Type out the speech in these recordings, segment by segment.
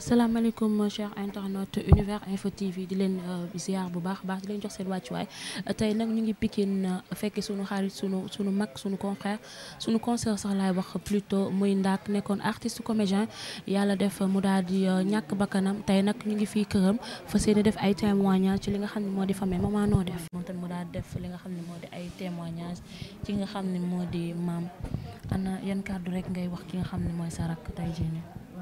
salaamaaleykum cher internaute univers info tv di leen euh, ziar bu baax baax di leen jox seen wàcc waay tey nag ñu ngi Pikine euh, fekki sunu xarit sunu sunu mag sunu confrère sunu concert sax laay wax plutôt muy ndaak nekkoon artiste comédien yàlla def mu daal di euh, ñàkk bakkanam tey nag ñu ngi fii këram fa yéene def ay témoignage ci li nga xam ne moo di famille maman noo def moom tamit mu daal def li nga xam ne moo di ay témoignage ci nga xam ne moo di maam ana yan kàddu rek ngay wax ki nga xam ne mooy sa rakk tey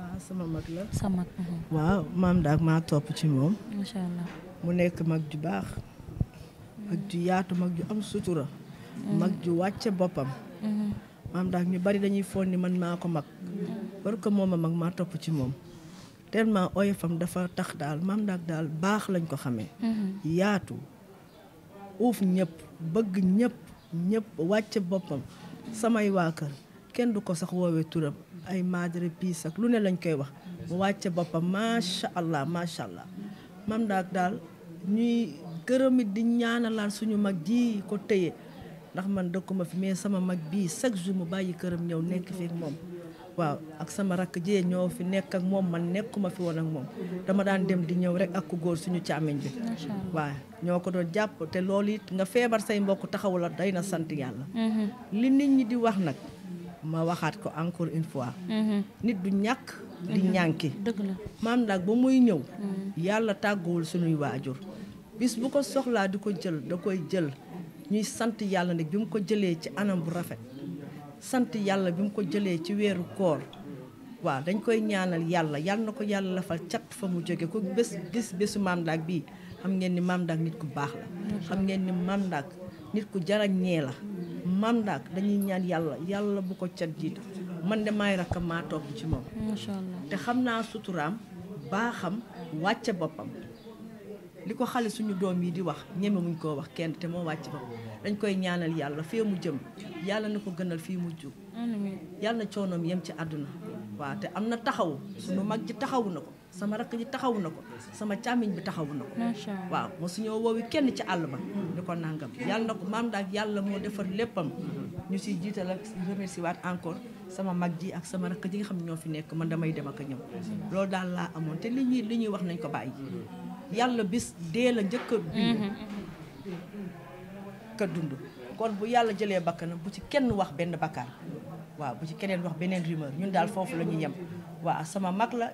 Ah, sama mag la sa mag uh-huh. waaw maam daag maa topp ci moom macha mu nekk mag ju baax mag ju yaatu mag ju am sutura uh-huh. mag ju wàcce boppam uh-huh. maam daag ñu bari dañuy foon ni man maa ko mag parce que moom mag maa topp ci moom tellement oyofam dafa tax daal maam daag daal baax lañ ko xamee yaatu uuf ñëpp bëgg ñëpp ñëpp wàcce boppam samay waa kër kenn du ko sax woowee turam ay madre piis ak lu ne lañu koy wax mu wàcce boppam macha allah macha allah mam daak daal ñuy gërëmit di ñaanalaat suñu mag ji ko téye ndax man dëkkuma fi mais sama mag bii chaque jour mu bàyyi këram ñëw nekk fi ak moom waaw ak sama rakk jee ñoo fi nekk ak moom man nekkuma fi woon ak moom dama daan dem di ñëw rek ak ku góor suñu càmmiñ bi waaw ñoo ko doon jàpp te loolu it nga feebar say mbokk taxawula day na sant yàlla mm-hmm. ma waxaat ko encore une fois. Mhm. nit du ñàkk di ñànki. dëgg la maam nag ba muy ñëw. Mhm. yàlla tàgguwul suñuy waajur. bis bu ko soxlaa di ko jël da koy jël ñuy sant yàlla nag bi mu ko jëlee ci anam bu rafet. sant yàlla bi mu ko jëlee ci weeru koor. waaw dañ koy ñaanal yàlla yàlla na ko yàlla lafal cat fa mu jóge ko bés gis bésu maam bii xam ngeen ni maam ndaak nit ku baax la xam ngeen ni maam nit ku jaraññee la mhm. maam ndaak dañuy ñaan yàlla yàlla bu ko cat jiitu man de maay rakk maa ci moom. macha te xam naa suturaam baaxam wàcce boppam. li ko xale suñu doom yi di wax ñeme muñ koo wax kenn te moo wàcc ba dañ koy ñaanal yàlla fee mu jëm yàlla na ko gënal fii mu jug yàlla na coonoom yem ci àdduna waaw te am na taxaw suñu mag ji taxawu na ko sama rakk ji taxawu na ko sama càmmiñ bi taxawu na ko waaw mosuñoo woowi kenn ci àll ba ni ko nangam yàlla na ko maam daal yàlla moo defar léppam ñu siy jiital ak remercier waat encore sama mag ji ak sama rakk ji nga xam ñoo fi nekk man damay dem ak a ñëw loolu daal laa amoon te li ñuy li ñuy wax nañ ko bàyyi yàlla bis dee la njëkk a bind mhm. ka dund kon bu yàlla jëlee bakkanam bu ci kenn wax benn bakkaar waaw bu ci keneen wax beneen rumeur ñun daal foofu la ñuy yem waaw sama mag la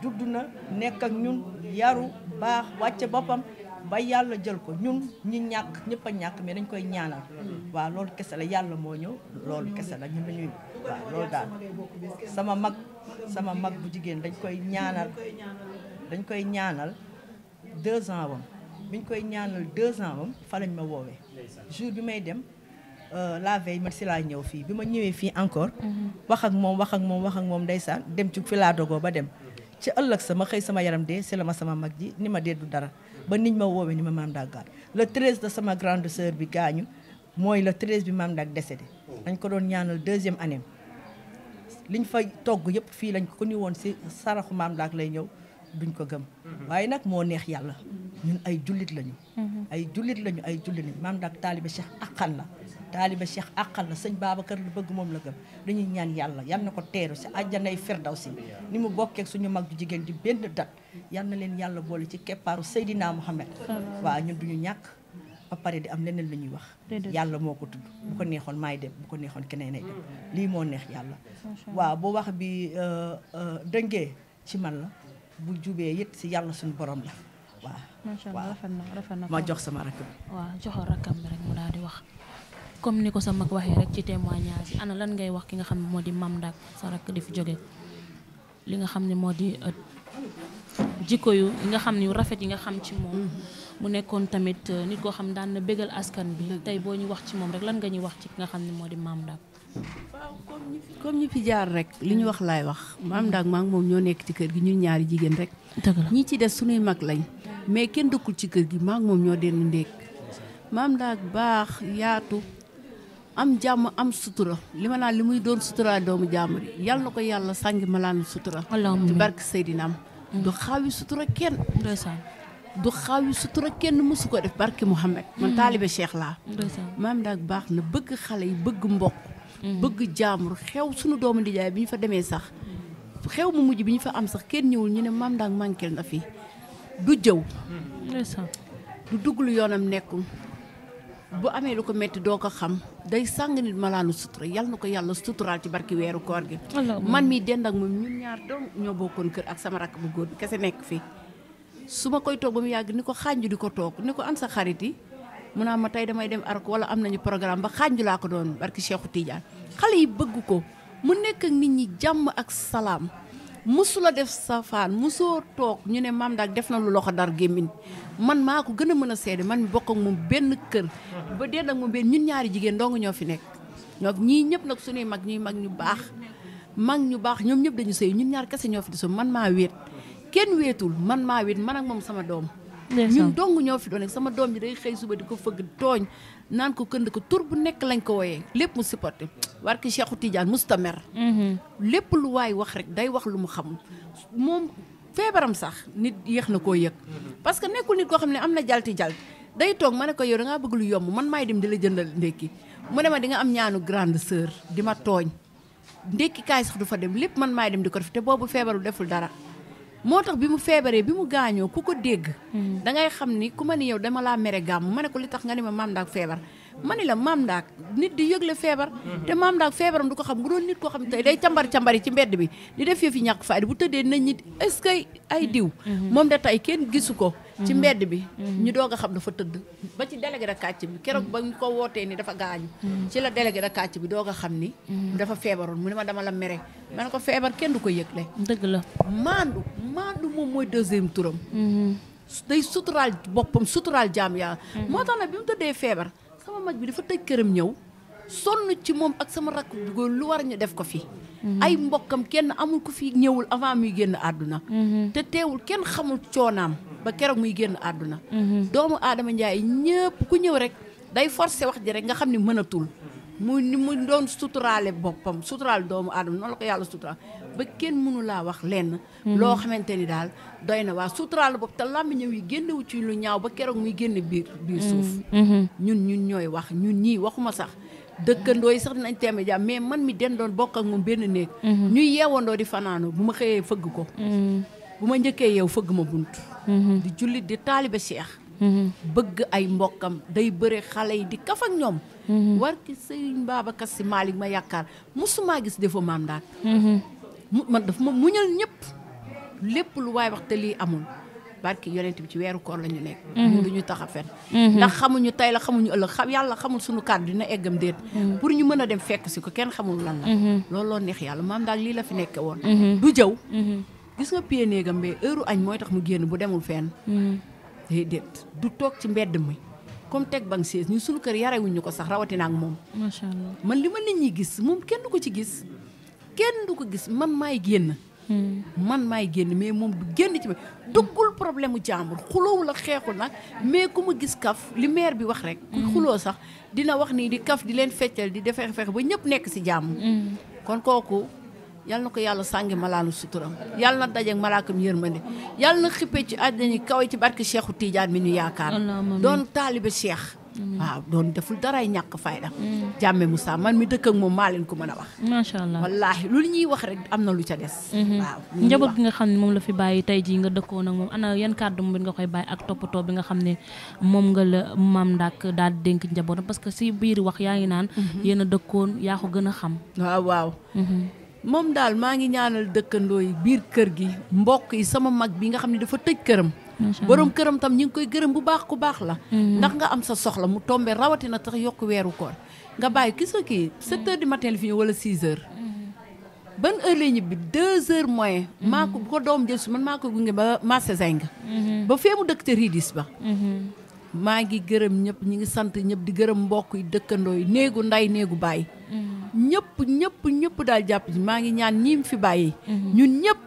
dudd na nekk ak ñun yaru baax wàcce boppam ba yàlla jël ko ñun ñi ñàkk ñëpp ñàkk mais dañ koy ñaanal waa loolu kese la yàlla moo ñëw loolu kese la ñun dañuy waaw loolu daal sama mag sama mag bu jigéen dañ koy ñaanal dañ koy ñaanal deux ans wam biñ koy ñaanal deux ans wam fa lañ ma woowe jour bi may dem Euh, la veille man si laa ñëw fii bi ma ñëwee fii encore. Mhm. wax ak moom wax ak moom wax ak moom ndeysaan dem ci fi laa dogoo ba dem. ci ëllëg sama xëy sama yaram dee si la ma sama mag ji ni ma dee du dara ba niñ ma woowee ni ma maam daa gaañ le 13 de sama bi gaañu mooy le 13 bi maam dese décédé. dañ ko doon ñaanal deuxième année liñ fa togg yëpp fii lañ ko ni woon si saraxu maam daag lay ñëw duñ ko gëm. Mhm. waaye nag moo neex yàlla ñun ay jullit lañu. Mhm. ay jullit lañu ay jullit lañu maam taaliba Cheikh àqal la sëñ Babacar lu bëgg moom la gëm dañuy ñaan yàlla yal na ko teeru si àjjanay firdawsi ni mu bokkeek suñu mag jigéen di benn dat yal na leen yàlla boole ci keppaaru Seydina Muhammad waaw ñun ñu ñàkk ba pare di am leneen lu ñuy wax yàlla moo ko tudd bu ko neexoon maay dem bu ko neexoon keneen ay dem mm. lii moo neex yàlla waaw bu wax bi euh, euh, dëngee ci man la bu jubee it si yàlla suñ borom la waa macha na ma jox sama rakk bi waaw joxo rakkam bi rek mu daal comme ni ko sa mag waxee rek ci témoignage yi ana lan ngay wax ki nga xam ne moo di Mame Ndak sa rakk di fi jóge li nga xam ne moo di euh, jikko yu nga xam ne yu rafet yi nga xam ci moom mu nekkoon tamit euh, nit koo xam daan na bégal askan bi tey boo ñu wax ci moom lan nga ñuy wax ci ki nga xam ne moo di Mame Ndak comme ñi fi jaar rek li ñu wax laay wax maam Ndak maa moom ñoo nekk ci kër gi ñun ñaari jigéen rek ñi ci des suñuy mag lañ mais kenn dukkul ci kër gi maa moom ñoo denn ndéeg Mame Ndak baax yaatu am jàmm am sutura li ma naan li muy doon sutura doomu jàmm yal na ko yàlla sàngi ma laan sutura. ci barke Seydina am. du xaawi sutura kenn. du xaawi sutura kenn mësu ko def barke Mouhamed. man mm. taalibe Cheikh laa. maam daag baax na bëgg xale yi bëgg mbokk. Mm. bëgg jaamur xew sunu doomu nijaay bi ñu fa demee sax. xew mu mujj bi ñu fa am sax kenn ñëwul ñu ne maam daag manqué na fi du jëw. du dugg lu yoonam nekkul. bu amee lu ko métti doo ko xam day sàng nit malaanu sutura yal na ko yàlla suturaal ci barki weeru koor gi man mi dend ak moom ñun ñaar doom ñoo bokkoon kër ak sama rakk bu góor kese nekk fii su ma koy toog ba mu yàgg ni ko xànj di ko toog ni ko am sa xarit yi mu naa ma tey damay dem arc wala am nañu programme ba xànju laa ko doon barki Cheikhou Tidiane xale yi bëgg ko mu nekk ak nit ñi jàmm ak salaam musula def safaan musoo toog ñu ne maam daal def na lu loxo dar gémmin man maa ko gën a mën a seede man mi bokk ak moom benn kër ba dee ak moom benn ñun ñaari jigéen dong ñoo fi nekk donc ñii ñëpp nag suñuy mag ñuy mag ñu baax mag ñu baax ñoom ñëpp dañu sëy ñun ñaari kese ñoo fi di man maa wéet kenn wéetul man maa wéet man ak moom sama doom ñun dong ñoo fi doon nekk sama doom ji day xëy suba di ko fëgg tooñ naan ko kënd ko tur bu nekk lañ ko woyee lépp mu supporté warki Cheikhou Tidiane mustamer mhm. lépp lu waaye wax rek day wax lu mu xam moom feebaram sax nit yéex na koo yëg parce que nekkul nit koo xam ne am na jalti jalti day toog ma ne ko yow dangaa bëgg lu yomb man maay dem di la jëndal ndékki mu ne ma di nga am ñaanu grande sœur di ma tooñ ndékki kaay sax du fa dem lépp man maay dem di ko def te boobu feebaru deful dara moo tax bi mu feebaree bi mu gaañoo ku ko dégg. Hmm. da ngay xam ni ku ma ni yow dama laa mere gàmm ma ne ko li tax nga ne ma maam ndaak feebar. ma ni la maam ndaak nit di yëgle feebar te maam ndaak feebaram du ko xam bu doon nit koo xam tey day cambar cambari ci mbedd bi di def yëf yi ñàkk fayda bu tëddee nañ nit est-ce que ay diw moom de tey kenn gisu ko ci mbedd bi ñu doog a xam dafa tëdd ba ci délégué da kàcc bi keroog ba ñu ko wootee ni dafa gaañu ci la délégué da kàcc bi doog a xam ni dafa feebaroon mu ne ma dama la mere ma ne ko feebar kenn du ko yëgle dëgg la maandu maandu moom mooy deuxième turam mhm. day suturaal boppam suturaal jaam yaa bi tëddee feebar sama mag bi dafa tëj këram ñëw sonn ci moom ak sama rakk bu góor lu war ñu def ko fi. Mhm. ay mbokkam kenn amul ko fi ñëwul avant muy génn àdduna. Mhm. te teewul kenn xamul coonaam ba keroog muy génn àdduna. Mhm. doomu Adama Ndiaye ñëpp ku ñëw rek day forcé wax ji rek nga xam ni mënatul. mu ni mu doon suturaale boppam suturaal doomu aadama noon la ko yàlla suturaal ba kenn mënu laa wax lenn. Mm-hmm. loo xamante ni daal doy na waa suturaal boobu te ñëw yi génnewu ci lu ñaaw ba keroog muy génn biir biir mm-hmm. suuf. Mm-hmm. ñun ñun ñooy wax ñun ñii waxuma sax. dëkkandoo yi sax dinañ teeme jàmm mais man mi den doon bokk ak moom benn néeg. ñuy yeewandoo di fanaanoo bu ma xëyee fëgg ko. bu ma njëkkee yow fëgg ma bunt. di jullit di taalibe Cheikh. bëgg ay mbokkam day bëre xale yi di kaf ak ñoom. war ki sëriñ Babacar Si Maalik ma yaakaar mosumaa gis defa mu man daf ma muñal ñëpp lépp lu waay wax te lii amul barki yonent bi ci weeru koor la ñu nekk. Mhm. ñun du ñu taxa a fen. Mhm. ndax xamuñu tey la xamuñu ëllëg xam yàlla xamul suñu kàddu dina eggam déet. Mhm. pour ñu mën a dem fekk si ko kenn xamul lan la. looloo neex yàlla maam daal lii la fi nekke woon. du jëw. gis nga pied néegam ba heure añ mooy tax mu génn bu demul fenn. déedéet du toog ci mbedd mi. comme teg bang siis ñu suñu kër yarewuñu ko sax rawatina ak moom. macha allah ci gis. kenn du ko gis man maay génn. Hmm. man maay génn mais moom du génn ci ma duggul problème mu jàmbur xuloowu la xeexul nag mais ku ma gis kaf li bi wax rek. ku hmm. xuloo sax dina wax nii di kaf di leen feccal di defee fexe ba ñëpp nekk si jàmm. Hmm. kon kooku yal na ko yàlla sàngi malaalu suturam yal na dajeeg malaakam yërmande yal na xippee ci àddina yi kawe ci barke Cheikhu Tidiane mi ñu yaakaar. doon taalibe Cheikh. waaw doon deful daray ñàkk fayda mm. jàmme Moussa man mi dëkk ak moom maa leen ko mën a wax macha allah wallaahi lu ñuy wax rek am na lu ca des mm-hmm. njaboot bi nga xam ne moom la fi bàyyi tey jii nga dëkkoon ak moom ana yan kàddu bi nga koy bàyyi ak toppatoo bi nga xam ne moom nga la maam ndaak daal di dénk njabootam parce que si biir wax yaa ngi naan mm-hmm. yéen a dëkkoon yaa ko gën a xam waaw waaw mm-hmm. moom daal maa ngi ñaanal dëkkandoo yi biir kër gi mbokk yi sama mag bi nga xam ne dafa tëj këram boroom këram tam ñu ngi koy gërëm bu baax ku baax la mm-hmm. ndax nga am sa soxla mu tombe rawatina tax yokk weeru koor nga bàyyi gis nga kii sept heures du matin la fi ñëw wala six heures mm-hmm. ban heure lay ñibbi deux heures mm-hmm. maa ko doom jël si man maa ko gunge ba marché zeng ba fee mu dëkk te riidis ba maa ngi gërëm ñëpp ñi ngi sant ñëpp di gërëm mbokk yi dëkkandoo yi néegu nday néegu bàyyi ñëpp ñëpp ñëpp daal jàpp ji maa ngi ñaan ñiim fi bàyyi ñun ñëpp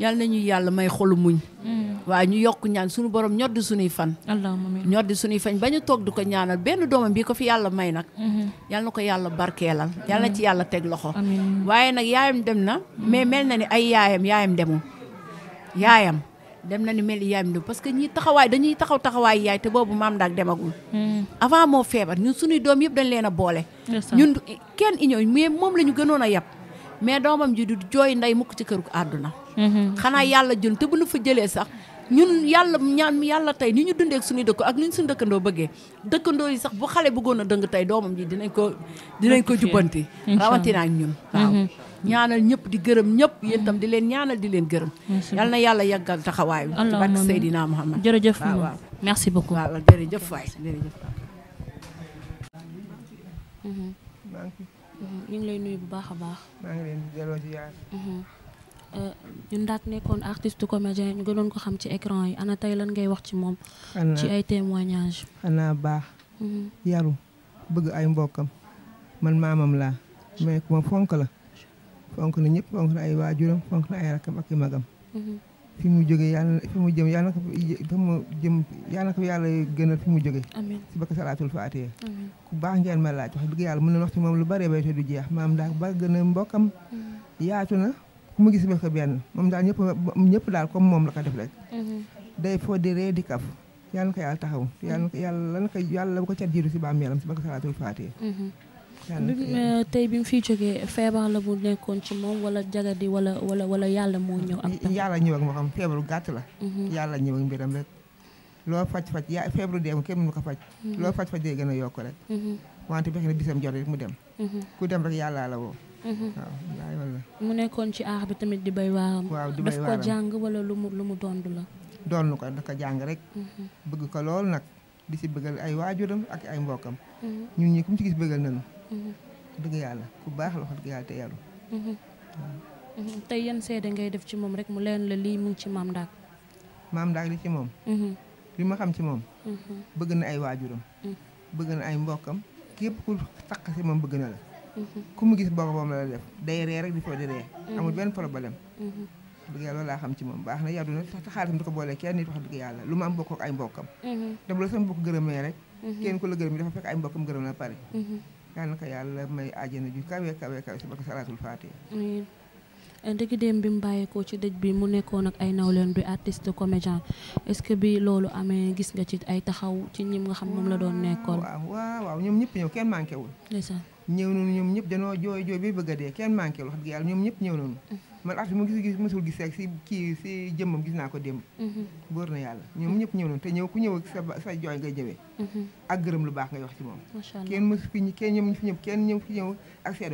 yàlla na ñuy yàlla may xolu muñ mm. waaw ñu yokk ñaan suñu borom ñor di suñuy fan ñor di suñuy ba ñu toog di ko ñaanal benn doomam bi ko fi yàlla may nag mm-hmm. yàlla na ko yàlla barkeelal yàlla na mm-hmm. ci yàlla teg loxo waaye nag yaayam dem na mm-hmm. mais mel na ni ay yaayam yaayam demul yaayam dem na ni mel ni yaayam dem parce que ñi taxawaay dañuy taxaw taxawaay yaay te boobu maam daak demagul mm. avant moo feebar ñun suñuy doom yëpp dañ leen a boole ñun kenn iñoo mais moom la ñu gënoon a yab mais doomam ji du jooy nday mukk ci këru àdduna mhm. xanaa yàlla jël te bu nu fa jëlee sax ñun yàlla ñaan yàlla tey ni ñu dundee ak suñu ak ni ñu dëkkandoo bëggee dëkkandoo yi sax bu xale bëggoon a dëng tey doomam ji dinañ ko dinañ ko jubbanti rawantinaa ak ñun waaw mhm. ñaanal ñëpp di gërëm ñëpp yéen tam di leen ñaanal di leen gërëm yal na yàlla yàggal taxawaay bi ci barke Seydina Muhammad jërëjëf waaw merci beaucoup waaw jërëjëf waay ñu ngi lay nuyu bu baax a baax. maa ngi leen di delloo ci yaay. Mhm. Euh, daat nekkoon artiste comédien ñu gënoon ko xam ci écran yi ana tey lan ngay wax ci moom. ci ay témoignages. ana baax. Mhm. yaru bëgg ay mbokkam man maamam laa mais ku ma fonk la fonk na ñëpp fonk la ay waajuram fonk na ay rakkam ak magam. Mhm. fi mu jógee yàlla fi mu jëm yàlla fi mu jëm yàlla ko yàlla gënal fi mu jógee si bakka salaatul faatiha ku baax ngeen ma laaj wax dëgg yàlla mën na wax ci moom lu bare bay te du jeex maam daal ba gën a mbokkam yaatu na ku mu gis ba ko benn moom daal ñëpp ñëpp daal comme moom la ko def rek day foo di ree di kaf yàlla na ko yàlla taxaw yàlla la ko yàlla bu ko cat jiitu si bàmmeelam si bakka salaatul faatiha Euh, tey bi mu fiy jógee feebar la bu nekkoon ci moom wala jagadi wala wala wala yàlla moo ñëw ak yàlla ñëw ak moo xam feebaru gàtt la mhm. yàlla ñëw ak mbiram rek loo faj-faj yaa feebaru deemu kenn mënu ko faj mhm. loo faj-faj day a yokk rek mhm. wante fexe na bisam jot rek mu dem ci aar bi tamit di bay waaram waaw di bay waaram daf ko jàng wala lu mu lu mu dond la doon ko da ko jàng rek bëgg ko lool nag di si bëggal ay waajuram ak ay mbokkam ñun ñi ku mu ci gis bëggal nañu dëgg yàlla ku baax la wax dëgg yàlla te yàlla. Mhm. Mhm. tey yan seede ngay def ci moom rek mu leen la lii mu ci maam Ndaak. maam Ndaak li ci moom. Mhm. li ma xam ci moom. bëgg na ay waajuram. bëgg na ay mbokkam képp ku takk moom bëgg na la. ku mu gis bokk moom la la def day ree rek di fa di ree. amul benn problème. dëgg yàlla laa xam ci moom baax na yàlla na te xaalisam di ko boole kenn nit wax dëgg yàlla lu mu am bokk ay mbokkam. te la sama mbokk gërëmee rek. kenn ku la gërëm dafa fekk ay mbokkam gërëm na pare. yàlla naka yàlla may àjjana ju kawe kawe kawe si barke salaatul faatiha eh, dëgg dem bi mu bàyyeekoo ci dëj bi mu nekkoon ak ay nawleen bi artiste comédien est-ce que bi loolu amee gis nga ci ay taxaw ci ñim nga xam moom la doon nekkoon. waaw waaw waaw ñoom ñëpp ñëw kenn manqué wul. ndeysaan ñëw nañu ñoom ñëpp danoo jooy jooy bi bëgg a dee kenn manqué wul wax dëgg yàlla ñoom ñëpp ñëw nañu. Mm. ma artu mu gis gis mosul gis rek si kii si gis naa ko dem mhm. góor na yàlla ñoom ñëpp ñëw noonu te ñëw ku ñëw ak sa sa ga ngay ñëwee mhm. ak gërëm lu baax ngay wax ci moom kenn mosu fi kenn ñoom ñu fi ñëw kenn ñëw fi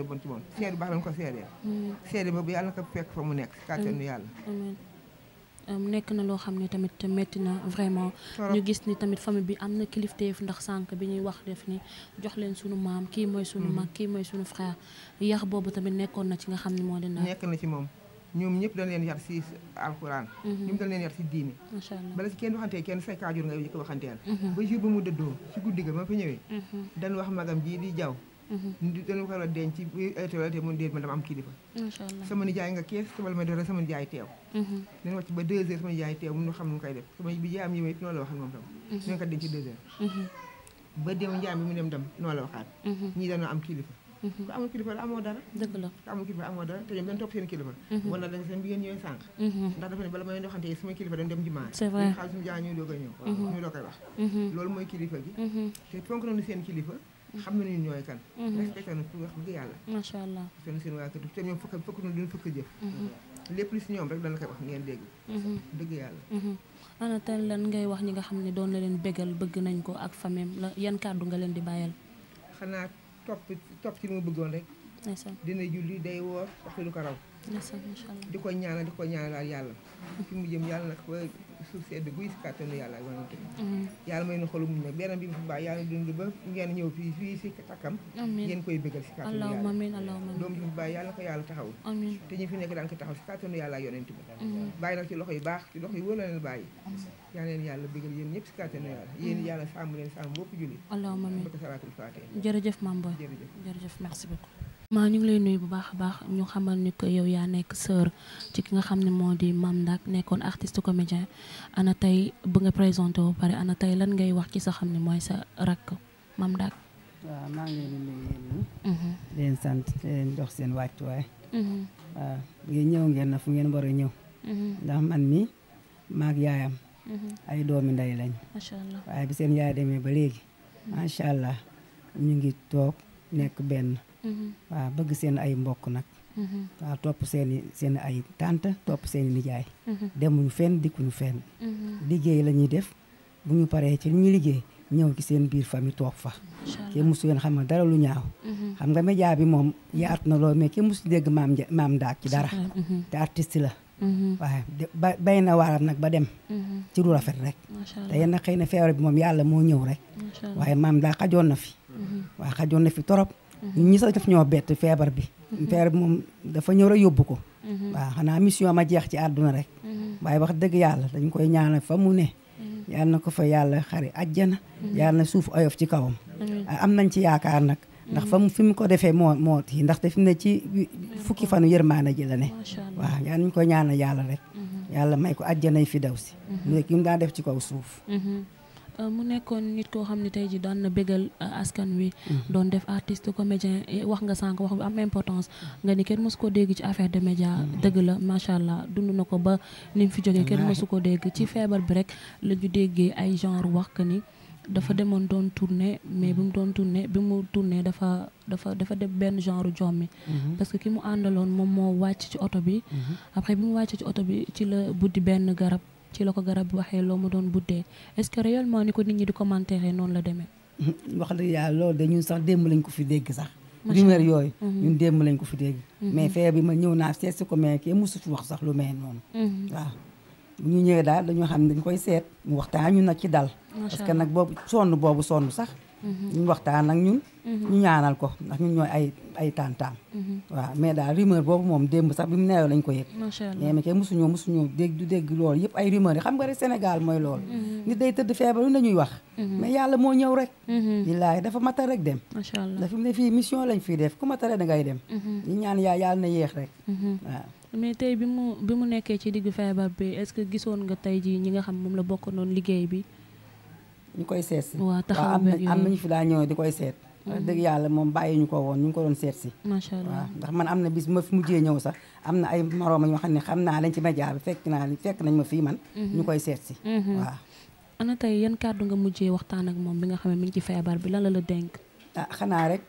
bon ci moom seede bu baax lañ ko seedeel mhm. seede boobu yàlla na ko fekk fa mu nekk si kàttanu yàlla Euh, nekk na loo xam ne tamit métti na vraiment ñu gis ni tamit famille bi am na kilifteef ndax sànq bi ñuy wax def ni jox leen sunu maam kii mooy sunu mm-hmm. mag kii mooy sunu frère yar boobu tamit nekkoon na ci nga xam ne moo leen nekk na ci moom ñoom ñëpp dañ leen yar si alxuraan mm-hmm. ñoom dañ leen yar si diine macha allah bala si kenn waxantee kenn say kaajur nga yëkk waxanteel mm-hmm. ba jour ba mu dëddoo si guddi ga ma fi ñëwee dañ wax magam ji di jaw Mm-hmm. dañu war a denc bu ay teewal te mun déet ma dama am kilifa sama nijaay nga kees sama nijaay teew mm-hmm. dañu wàcc xam nu koy def sama bi jaam mm-hmm. ba dem njaam bi mu dem dem noonu la waxaat ñii dañoo am kilifa ku amul kilifa la amoo dara dëgg la ku amul kilifa amoo dara te ñoom dañ topp seen kilifa wala dañ seen bi ngeen ñëwee sànq ndax dafa ne bala ma leen doxante sama kilifa dañ dem jumaa c'est vrai xaalis a koy wax loolu mooy kilifa gi te fonk nañu seen kilifa xam nañu ñooy kan mhm. respecté na pour wax dëgg yàlla macha allah seen seen waa kër te ñoom fokk fokk ñu duñ fokk jëf mhm. lépp lu si ñoom rek dana koy wax ngeen dégg mhm. dëgg yàlla ana tey lan ngay wax ñi nga xam ne doon la leen bégal bëgg nañ ko ak famem la yan kàddu nga leen di bàyyal xanaa topp topp ci li ma bëggoon rek dina julli day woor wax lu ko raw di ko ñaanal di ko ñaanal yàlla fi mu jëm yàlla nag ba suuf sedd guy si kàttanu yàlla wanante yàlla may bi mu fi baax yàlla ba ngeen ñëw fii fii si takkam ngeen koy bëggal si kàttanu yàlla doom bi mu fi baax yàlla ko yàlla taxaw te ñu fi nekk daan ko taxaw si kàttanu yàlla yonent bi bàyyi nag ci loxo yu baax ci loxo yu wóor la leen bàyyi yàlla leen yàlla bëggal yéen ñëpp si kàttanu yàlla yéen yàlla sàmm leen sàmm bopp julli allahumma amiin salatul faatiha jërëjëf Mame maa ñu ngi lay nuyu bu baax a baax ñu xamal ni ko yow yaa nekk sœur ci ki nga xam ne moo di Mame Ndack nekkoon artiste comédien ana tey bu nga présenté wu pare ana tey lan ngay wax ci sa xam ne mooy sa rakk mam Ndack. maa ngi leen mhm. sant leen jox seen wàccuwaay. Mhm. waaw ñëw ngeen na fu ngeen war ñëw. Mhm. ndax man mi maak yaayam. ay doomi nday lañ. macha allah waaye bi seen yaay demee ba léegi. macha allah ñu ngi toog nekk benn. Mm-hmm. waa bëgg seen ay mbokk nag mm-hmm. waaw topp seeni seen ay tante topp seeni nijaay mm-hmm. demuñu fenn dikkuñu fenn liggéey lañuy def bu ñu paree ci li ñu liggéey ñëw ci seen biir famille toog fa ke mosu leen xam dara lu ñaaw xam nga média bi moom yaat na loolu mais ke mosu dégg maam maam ndaag ci dara te artiste la waaye bay na waaram nag ba dem ci lu rafet rek te yenn xëy na feebar bi moom yàlla moo ñëw rek waaye maam ndaag xajoon na fi waaye xajoon na fi torop ñi sax daf ñoo bett feebar bi mhm. feebar bi moom dafa ñëw rek yóbbu ko mhm. waaw xanaa mission ma jeex ci àdduna rek mhm. waaye wax dëgg yàlla dañ koy ñaana fa mu ne yàlla na ko fa yàlla xari àjjana yàlla na suuf oyof ci kawam am nañ ci yaakaar nag ndax fa mu fi mu ko defee moo moo yi ndax def ne ci fukki fanu yërmaana ji la ne waaw yàlla nañ ko ñaanal yàlla yàlla may ko àjjanay fi daw si léegi mu daan def ci kaw suuf Euh, mu nekkoon nit koo xam ne tey ji daan na bégal euh, askan wi. Mm-hmm. doon def artiste comédien eh, wax nga sànq wax bu am importance nga ni kenn mosu ko dégg ci affaire de média mm-hmm. dëgg la macha allah dund na ko ba ni mu fi jógee kenn mosu ko dégg ci mm-hmm. feebar bi rek la déggee ay genre wax que ni dafa demoon doon tourné mais bi mu doon tourné bi mu tourné dafa dafa dafa def benn genre jommi parce que ki mu àndaloon moom moo wàcc ci oto bi après bi mu wàcc ci oto bi ci la buddi benn garab ci la ko garab bi waxee loo mu doon buddee est-ce que ni ko nit ñi di commentaire noonu la demee wax dëgg yàlla de ñun sax démb lañ ko fi dégg sax rumeur yooyu mhm. ñun démb lañ ko fi dégg mhm. mais fee bi ma ñëw naa seet si ko mais kii mosu fi wax sax lu mel noonu mhm. waaw bu ñu ñëwee daal dañoo xam ne dañ koy seet mu waxtaan ñu nag ci dal parce que nag boobu sonn boobu sonn sax Mm-hmm. ñu waxtaan ak ñun. Mm-hmm. ñu ñaanal ko ndax ñun ñooy ay ay taantaam. Mm-hmm. waaw mais daal rumeur boobu moom démb sax bi mu neewee ko yëg. macha allah mais kenn mosuñoo mosuñoo dégg du dégg loolu yëpp ay xam nga rek Sénégal mooy loolu. nit day tëdd feebar lu yàlla moo ñëw rek. billaahi dafa matal rek dem. macha allah dafa ne mission lañ fiy def ku matare da ngay dem. ñu ñaan yaa yàlla na yéex rek. waaw. mais tey bi mu bi mu nekkee ci diggu feebar bi est-ce que gisoon nga tey jii ñi nga xam moom la bokk noonu liggéey bi ñu koy seet si waaw am na ñu nañu fi daa ñëwee di koy seet mm-hmm. dëgg yàlla moom bàyyi ñu ko woon ñu ngi ko doon seet si macha allah waaw ndax man am na bis ma fi mujjee ñëw sax am na ay morooma ñoo xam ne xam naa lañ ci média fekk naa fekk nañ ma fii man mm-hmm. ñu koy seet si mm-hmm. waaw ana tey yan kàddu nga mujjee waxtaan ak moom bi nga xam ne mi ngi ci feebar bi lan la la dénk ah xanaa rek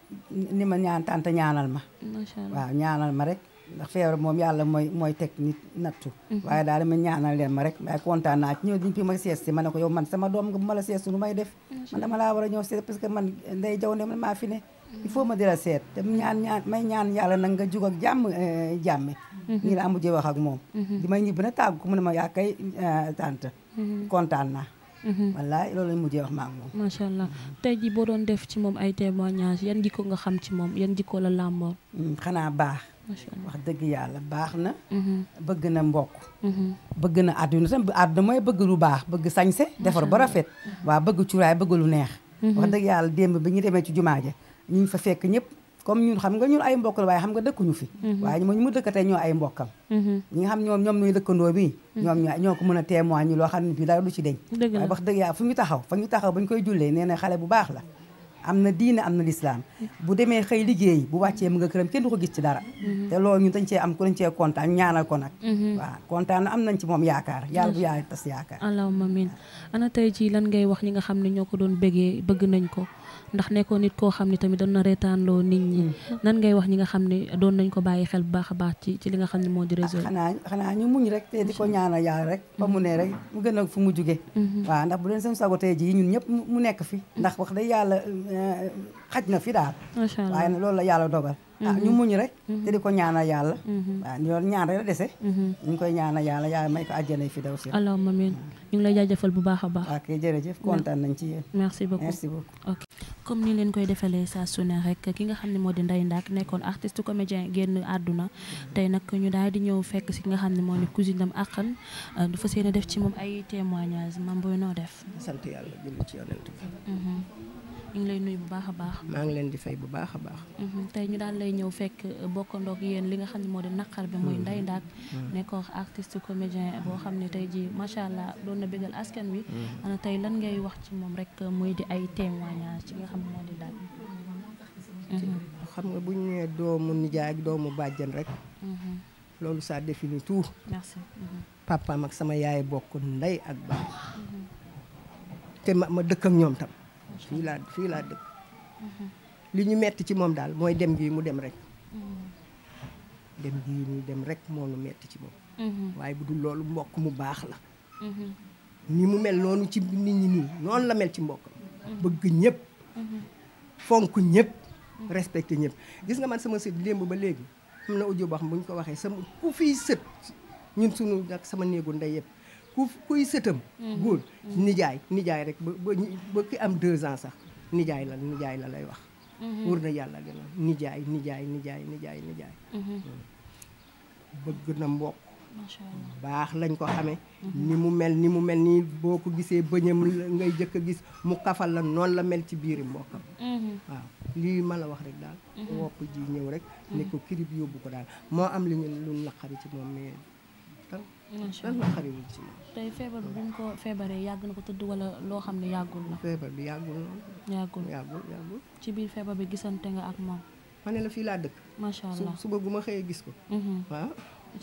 ni ma ñaan tante ma macha allah ñaanal ma rek ndax feebar moom yàlla mooy mooy teg nit nattu mhm. waaye daal dama ñaanal leen ma rek waaye kontaan naa ci ñëw diñu fii ma sees si ma ne ko yow man sama doom nga bu ma la sees lu may def man dama laa war a ñëw seet parce que man nday jaw ne mhm. la seet te may ñaan yàlla nag nga jug ak jàmm eh, jàmme ñii mhm. laa mujjee wax ak moom di may ñibbi na tàggu ko mu ne ma yaa kay eh, tante kontaan naa wallaay loolu lañ mujjee wax maa ngi moom macha allah tey ji boo doon def ci moom ay témoignage yan jikko wax dëgg yàlla baax na mm-hmm. bëgg na mbokk mm-hmm. bëgg na àdduna tam àdduna mooy bëgg lu baax bëgg sañse defar ba rafet mm-hmm. waa bëgg cuuraay bëgg lu neex wax dëgg yàlla démb bi ñu demee ci jumaa ja ñu fa fekk ñëpp comme ñun xam nga ñun ay mbokk la waaye xam nga dëkkuñu fi waaye moo ñu mu dëkkatee ñoo ay mbokkam ñu nga xam ñoom ñoom ñuy dëkkandoo bi ñoom ñoo ñoo ko mën a témoigner loo xam ne bi dara du ci deñ wax dëgg yàlla fu ñu taxaw fa ñu taxaw ba ñu koy jullee nee na xale bu baax la am na diine am na lislaam bu demee xëy liggéey bu wàccee mu nga këram kenn du ko gis ci dara mhm. te loolu ñu dañ cee am ko dañ cee kontaan ñaanal ko nag mhm. waaw kontaan am nañ ci moom yaakaar yàlla bu mhm. yàlla tas yaakaar allahumma amin ana tey ji lan ngay wax ñi nga xam ne ñoo ko doon bëggee bëgg nañ ko ndax nekkoo nit koo xam ne tamit doon na reetaanloo nit ñi. Hmm. nan ngay wax ñi nga xam ne doon nañ ko bàyyi xel bu baax a baax ci ci li nga xam ne moo di ah, réseau xanaa xanaa ñu muñ rek te di ko ñaanal yàlla rek ba mu ne rek mu gën a fu mu jugee. Hmm. waaw ndax bu leen seen sago tey jii ñun ñëpp mu nekk fi hmm. ndax wax day yàlla euh, xaj na fi daal waaye ne loolu la yàlla dogal ah ñu mm-hmm. muñ rek mm-hmm. te di ko ñaanal yàlla mm-hmm. waaw loolu ñaan rek koy ñaanal yàlla yàlla may ko àjjana fi daw si allahumma amiin ñu ngi lay jaajëfal bu baax a baax ok jërëjëf kontaan nañ ci yéen merci beaucoup merci beaucoup ok comme ni leen koy defalee sa su ne rek ki nga xam ne moo di Ndeye Ndack nekkoon artiste comédien génn àdduna tey nag ñu daal di ñëw fekk si ki nga xam ne moo ni cousine am àqan euh, du fa seen def ci moom ay témoignage mam boy noo def sant yàlla julli ci ñu ngi lay nuyu bu baax a baax. maa ngi leen di fay bu baax a baax. Mm-hmm. tey ñu daal lay ñëw fekk euh, bokkandoog yéen li nga xam ne moo di naqar bi muy mm-hmm. Ndeye Ndack mm-hmm. nekkoon artiste comédien boo xam ne tey jii macha allah doon na bégal askan wi. ana tey lan ngay wax ci moom rek euh, muy di ay témoignage ci nga xam moo di nga bu ñu nee doomu nijaay ak doomu bàjjan rek. loolu ça définit tout. merci. ak sama yaay bokk ndey ak baay. te ma ma dëkk ñoom tam. fii laa fii laa dëkk mhm. li ñu metti ci moom daal mooy dem gi mu dem rek mhm. dem gi mu dem rek moo nu metti ci moom mhm. waaye bu dul loolu mbokk mu baax la ni mu mel noonu ci nit ñi nii noonu la mel ci mbokk bëgg ñëpp fonk ñëpp respecté ñëpp gis nga man sama sët démb ba léegi am na audio boo xam bu ñu ko waxee sama ku fii sët ñun suñu ak sama néegu ndey yëpp ku kuy sëtam. Mm-hmm. góor mm-hmm. nijaay nijaay rek ba ba ki am deux sax nijaay la nijaay la lay wax. Mm-hmm. wóor na yàlla gën a nijaay nijaay nijaay nijaay nijaay. Mm. bëgg na mbokk. Mm. baax lañ ko xamee. ni mu mel ni mu mel ni boo ko gisee bëñam ngay jëkk a gis mu kafal la noonu la mel ci biir mbokkam. waaw lii ma la wax rek daal. wopp ji ñëw rek. ne ko kirib yóbbu ko daal moo am li ñu lu naqari ci moom mais. lan moo xariwul ci moom. ko feebaree yàgg na ko tëdd wala loo xam ne yàggul la. feebar bi yàggul yàggul yàggul yàggul. ci biir feebar bi gisante nga ak moom. ma ne la fii laa dëkk. macha allah suba gu xëyee gis ko. Mm-hmm. waaw.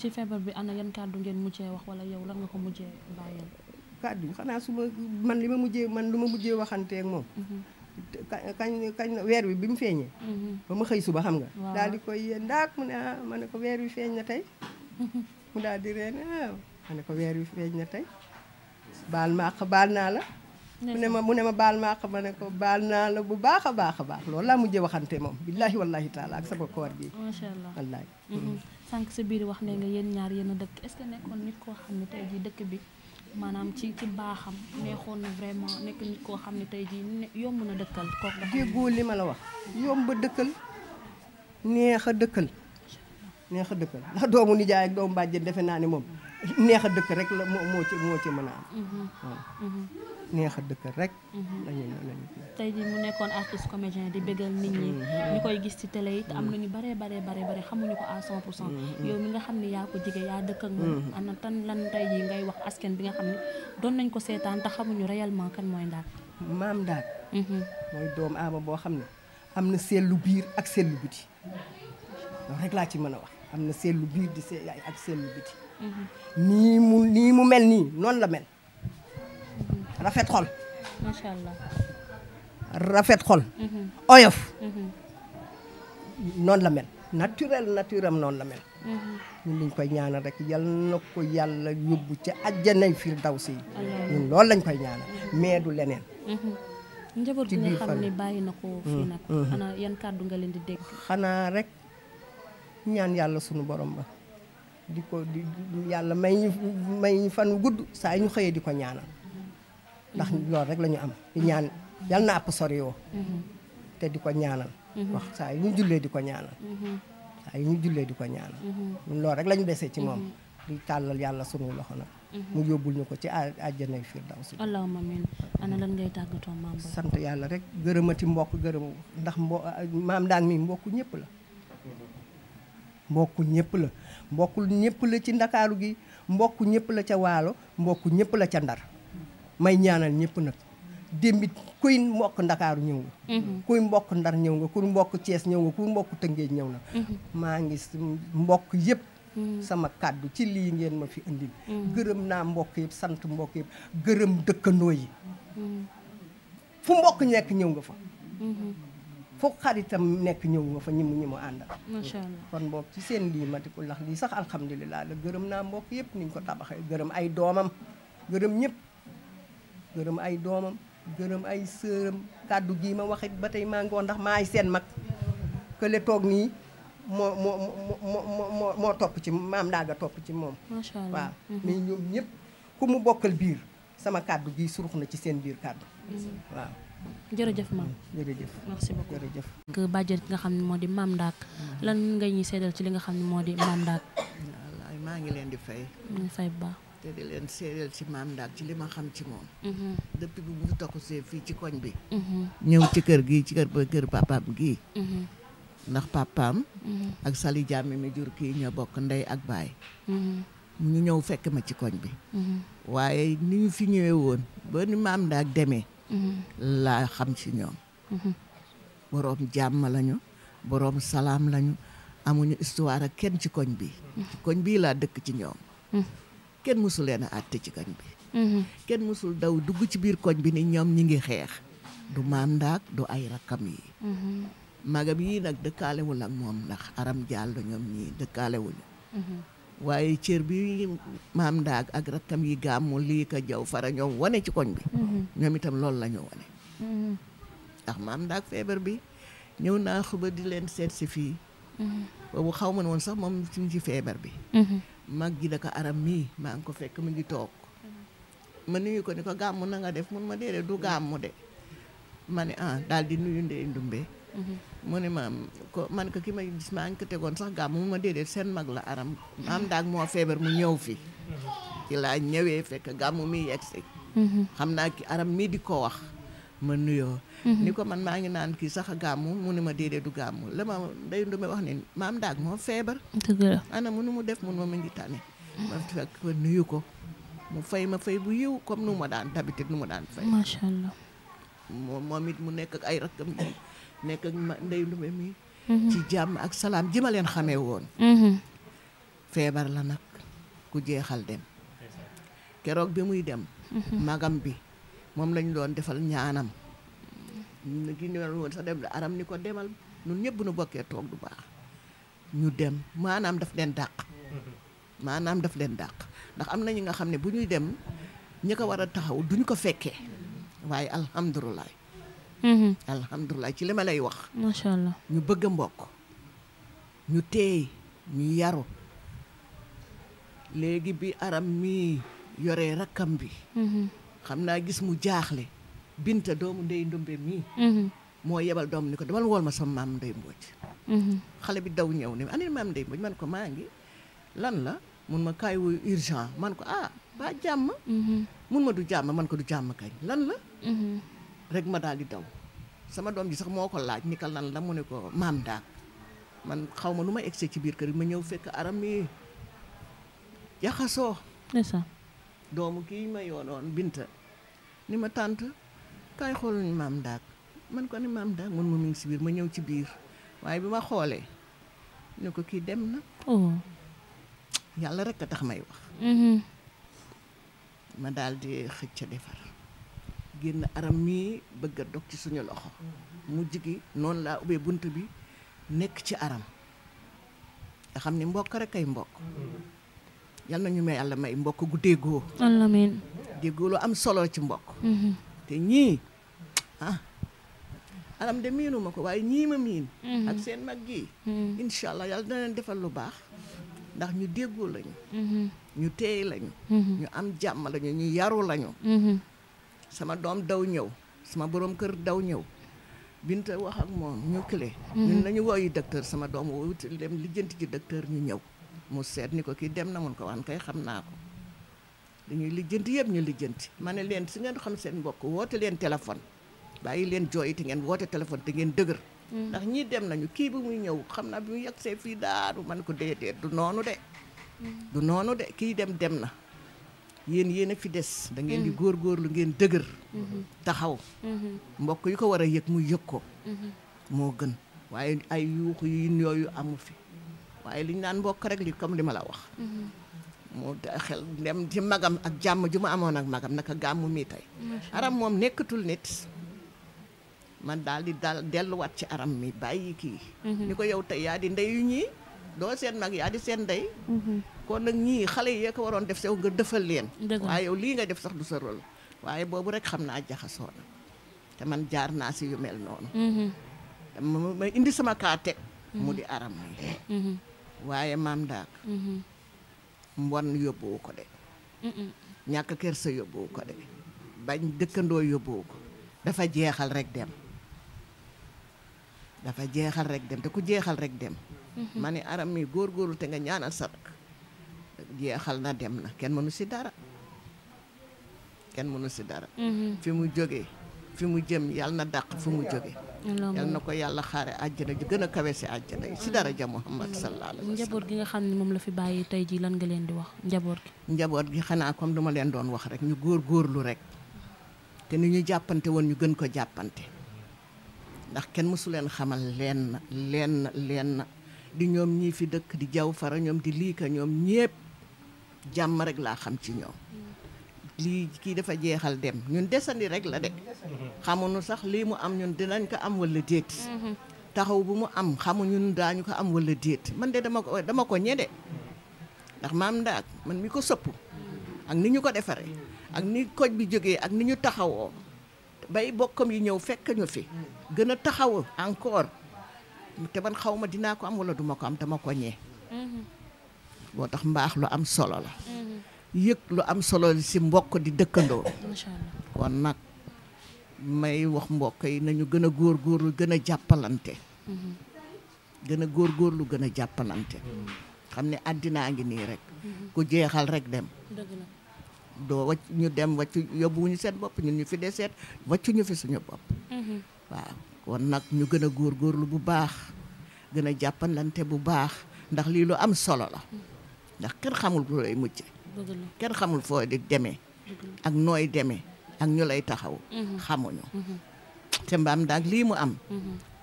ci feebar bi ana yan kàddu ngeen mujjee wax wala yow lan nga ko mujjee bàyyeel. kàddu xanaa su ma man li ma mujjee man lu ma mujjee waxanteeg moom. Mm-hmm. kañ kañ weer wi bi mu feeñee. Mm-hmm. ba ma xëy suba xam nga. daal di koy ndaak mu ne ah, ma ne ko weer wi feeñ na tey. mu daal di reen ah ma ne ko weer wi feeñ na tey baal ma àq baal naa la. mu ne ma mu ne ma baal ma àq ma ne ko baal naa la bu baax a baax a baax loolu laa mujjee waxante moom billaahi wallaahi taala ak sama koor gi. macha allah wallaahi. Mhm. Mm-hmm. sànq sa biir wax ne nga yéen ñaar yéen a dëkk est-ce que nekkoon koo xam ne tey jii dëkk bi maanaam ci ci baaxam neexoon na vraiment nekk nit koo xam ne tey jii yomb na dëkkal kooku. déggoo li ma la wax yomb a dëkkal neex a dëkkal. neex a dëkkal ndax doomu nijaay doom doomu defe naa ne moom neex a dëkk rek la moo ci moo ci mën a am. Mm-hmm. Mm-hmm. neex a dëkk rek. lañu mm-hmm. lañu tey jii mu nekkoon artiste comédien di bégal nit ñi. ñu koy gis ci télé it am na ñu bare bare bare bare xamuñu ko à 100 pour cent. yow mi nga xam ne yaa ko jige yaa dëkk ak am na tan lan tey jii ngay wax askan bi nga xam ne doon nañ ko seetaan te xamuñu réellement kan mooy Ndaat. maam daal mooy doom aama boo xam ne am na lu biir ak seetlu biti loolu ci mën a wax. am na seetlu biir di seet ak seetlu biti mhm. nii mu nii mu mel nii noonu la mel mhm. rafet xol macha rafet xol mhm. oyof noon la mel naturel naturam noonu la mel ñun liñ koy ñaanal rek yal na ko yàlla yóbbu ca àjjanay firdawsi ñun loolu lañ koy ñaanal mais du leneen njaboot bi nga xam ne bàyyi na ko fii mm. nag mm-hmm. xanaa yan kàddu nga leen di dégg xanaa rek ñaan yàlla sunu borom ba di ko di yàlla may ñu may ñu fan gudd saa ñu xëyee di ko ñaanal ndax loolu rek lañu am di ñaan yàlla na àpp sori mm-hmm. te di ko ñaanal mm-hmm. wax saa yu ñu jullee di ko ñaanal mm-hmm. saa yu ñu jullee di ko ñaanal ñun rek la ñu ci moom di tàllal yàlla sunu loxo nag mu yóbbul ñu ko ci àjjana firdawsi daw si ana lan sant yàlla rek gërëmati mbokk gërëm ndax mbo maam daan mi mbokk ñëpp la mbokk ñëpp la mbokk ñëpp la ci ndakaaru gi mbokk ñëpp la ca waalo mbokk ñëpp la ca ndar may ñaanal ñëpp nag démbit kuy mbokk ndakaaru ñëw nga mhm. kuy mbokk ndar ñëw nga kuy mbokk cees ñëw nga kuy mbokk tëngéej ñëw na mhm. maa ngi mbokk yëpp mhm. sama kàddu ci lii ngeen ma fi indi gërëm naa mbokk yëpp sant mbokk yëpp gërëm dëkkandoo yi fu mbokk nekk ñëw nga fa foog xaritam nekk ñëw nga fa ñi mu ñi mu àndal macha allah kon mbokk ci seen lii ma di lax lii sax alhamdulilah la gërëm naa mbokk yëpp niñ ko tabaxee gërëm ay doomam gërëm gërëm ay doomam gërëm ay sëram kàddu gii ma waxit ba tey maa ndax ndax maay seen mag kële toog nii moo moo moo moo topp ci maam daaga topp ci moom macha allah waaw mm-hmm. mais ñoom ñëpp ku mu bokkal biir sama kàddu gii surux na ci seen biir kàddu mm-hmm. waaw jërëjëf maam jërëjëf merci beaucoup jërëjëf bàjjen ki nga xam ne moo di maam Ndaak mm-hmm. lan nga ñuy seedal ci li nga xam ne moo di maam Ndaak wallaay maa ngi leen di fay ñu fay bu baax te ci li ma xam ci moom mm-hmm. depuis bu mu fii ci koñ bi mm-hmm. ñëw ci kër gi ci kër ba kër papaam gii ndax papaam ak Sali mi jur kii ñoo bokk ndey ak baay ñëw fekk ma ci koñ bi waaye ni ñu fi woon ba ni maam Ndaak demee laa xam ci ñoom boroom jàmm lañu boroom salaam lañu amuñu histoire ak kenn ci koñ bi koñ bii laa dëkk ci ñoom kenn mësul leen a àtte ci koñ bi kenn mësul daw dugg ci biir koñ bi ni ñoom ñi ngi xeex du maam ndaak du ay rakkam yi magam yii nag dëkkaalewu ak moom ndax aram jàll ñoom ñii dëkkaalewuñu waaye cër bi maam ndaag ak rakkam yi gàmmu lii ka jaw fara ñoom wane ci koñ bi mm-hmm. ñoom itam loolu la ñu wane mm-hmm. ndax maam ndaag feebar bi ñëw naa xuba di leen seet si fii mm-hmm. boobu xaw ma ne woon sax moom ci ci feebar bi mag ji da ko aram mii maa ngi ko fekk mu ngi toog ma nuyu ko ni ko gàmmu na def mun ma déedéet du gàmmu de ma ne ah daal di nuyu ndey ndumbe mu ne ma ko man ko ki ma gis maa ngi ko tegoon sax gàmm mu ma déedéet seen mag la aram maam daag moo feebar mu ñëw fi ci laa ñëwee fekk gàmm mi yegg mhm. xam naa ki aram mii di ko wax ma nuyoo mhm. ni ko man maa ngi naan kii sax gàmm mu ma déedéet du gàmm la ma day ndu wax ne maam daag moo feebar ana munu mu def mun ma mu ngi tane ma fekk ma nuyu ko mu fay ma fay bu yiw comme nu ma daan d'habitude nu ma daan fay macha allah mu nekk ay rakkam nekk ak Ndeye Ndume mi mhm. ci jàmm ak salaam ji ma leen xamee woon mhm. feebar la nag ku jeexal dem keroog bi muy dem mhm. magam bi moom lañ doon defal ñaanam gi ñu woon sax ni ko demal ñun ñëpp nu bokkee toog du baax ñu dem maanaam daf leen dàq maanaam daf leen dàq ndax am na ñi nga xam ne bu ñuy dem ñi ko war a taxaw duñu ko fekkee waaye alhamdulilah Mm-hmm. alhamdulilah ci li ma lay wax. macha allah ñu bëgg mbokk ñu teey ñu yaru léegi bi aram mii yore rakkam bi. Mm-hmm. xam naa gis mu jaaxle binta doomu ndey ndumbe mii. Mm-hmm. moo yebal doom ni ko demal wool ma sama maam ndey mbooj xale bi daw ñëw ne ani maam ndey mbooj man ko maa ngi lan la mun ma kaay wu urgent man ko ah ba jàmm. mun ma du jàmm man ko du jàmm kañ lan la. rek ma daal di daw sama doom ji sax moo ko laaj ni ka la mu ne ko maam daa man xaw ma lu ma egsee ci biir kër yi ma ñëw fekk aram mi jaxasoo doomu kii ma yoonoon binta ni ma tànt kaay xool nañu maam daag man ko ni maam daag mun ma mi ngi si biir ma ñëw ci biir waaye bi ma xoolee ne ko kii dem na oh. yàlla rek a tax may wax mm-hmm. ma daal di xëcc defar génn aram mii bëgg a dog ci suñu loxo mu gi noonu laa ubbee bunt bi nekk ci aram nga xam ni mbokk rek ay mbokk yal na ñu may yàlla may mbokk gu déggoo amiin déggoo am solo ci mbokk mm-hmm. te ñii ah, aram de miinu ma ko waaye ñii ma miin mm-hmm. ak seen mag gi mm-hmm. incha yàlla dana defal lu baax ndax ñu déggoo lañu ñu teey lañu ñu am jàmm lañu ñu yaru lañu sama doom daw ñëw sama borom kër daw ñëw Binta wax ak moom ñu clé mhm. ñun nañu wooyi docteur sama doom wuti dem lijjanti ji docteur ñu ñëw mu seet ni ko kii dem na mun ko wan kay xam naa ko dañuy lijjanti yëpp ñu lijjanti ma ne leen si ngeen xam seen mbokk woote leen téléphone bàyyi leen jooy te ngeen woote téléphone te ngeen dëgër mhm. ndax ñii dem nañu kii bi muy ñëw xam naa bi mu see fii daaru man ko déedéet du noonu de mhm. du noonu de kii dem dem na yéen yéen a fi des da ngeen di mm-hmm. góorlu ngeen dëgër mm-hmm. taxaw mm-hmm. mbokk yu ko war a yëg mu yëg ko moo gën waaye ay yuuxu yin yooyu amu fi waaye liñ daan mbokk rek li comme li ma la wax mu xel dem ci magam ak jàmm ju ma amoon ak magam naka gàmmu mii tey aram moom nekkatul nit man daal di daal delluwaat ci aram mi bàyyi kii ni ko yow tey yaa di ndeyu ñii doo seen mag yaa di seen ndey kon nag ñii xale yi ko waroon def sew nga defal leen waaye yow lii nga def sax du sa rôle waaye boobu rek xam naa jaxasoo na te man jaar naa si yu mel noonu mm-hmm. ma indi sama kaa mu mm-hmm. di aram mm-hmm. waaye maam ndaak mbon yóbbuwu ko de ñàkk kër sa yóbbuwu ko de bañ dëkkandoo yóbbuwu ko dafa jeexal rek dem dafa jeexal rek dem te ku jeexal rek dem ma ne aram mi góorgóorlu te nga ñaanal sa dëkk jeexal na dem na kenn mënu si dara kenn mënu si dara mhm. fi mu jógee fi mu jëm yàlla na dàq fi mu jógee yàlla na ko yàlla xaare àjjana ju gën a kawe si àjjana yi si daraja Muhammad sallallahu alayhi njaboot gi nga xam ne moom la fi bàyyi tey jii lan nga leen di wax njaboot gi njaboot gi xanaa comme dama leen doon wax rek ñu góor góorlu rek te ni ñu jàppante woon ñu gën ko jàppante ndax kenn mësu leen xamal lenn lenn lenn di ñoom ñii fi dëkk di jaw fara ñoom di liika ñoom ñépp jàmm rek laa xam ci ñoom lii kii dafa jeexal dem ñun desandi rek la de xamuñu sax lii mu am ñun dinañ ko am wala déet taxaw bu mu am xamu ñun daañu ko am wala déet man de dama ko dama ko ñede ndax maam ndaak man mi ko sëpp ak ni ñu ko defare ak ni koj bi jógee ak ni ñu taxawoo bay bokkam yi ñëw fekk ñu fi gën a taxaw encore te man xaw ma dinaa ko am wala duma ko am dama ko ñee moo tax mbaax lu am solo la mm-hmm. yëg lu am solo la si mbokk di dëkkandoo kon nag may wax mbokk yi nañu gën a góor góorlu gën a jàppalante mm-hmm. gën a góor góorlu gën a jàppalante mm-hmm. xam ne àddinaa ngi nii rekk ku jeexal rek dem doo wacc ñu dem wacc ñu seet bopp ñu ñu fi dee seet waccuñu fi suñu bopp waaw kon nag ñu gën a góor góorlu bu baax gën a jàppalante bu baax ndax lii lu am solo la ndax kenn xamul fu lay mucc foo di demee ak nooy demee ak ñu lay taxaw mhm. xamuñu mhm. te mbaam daal lii mu am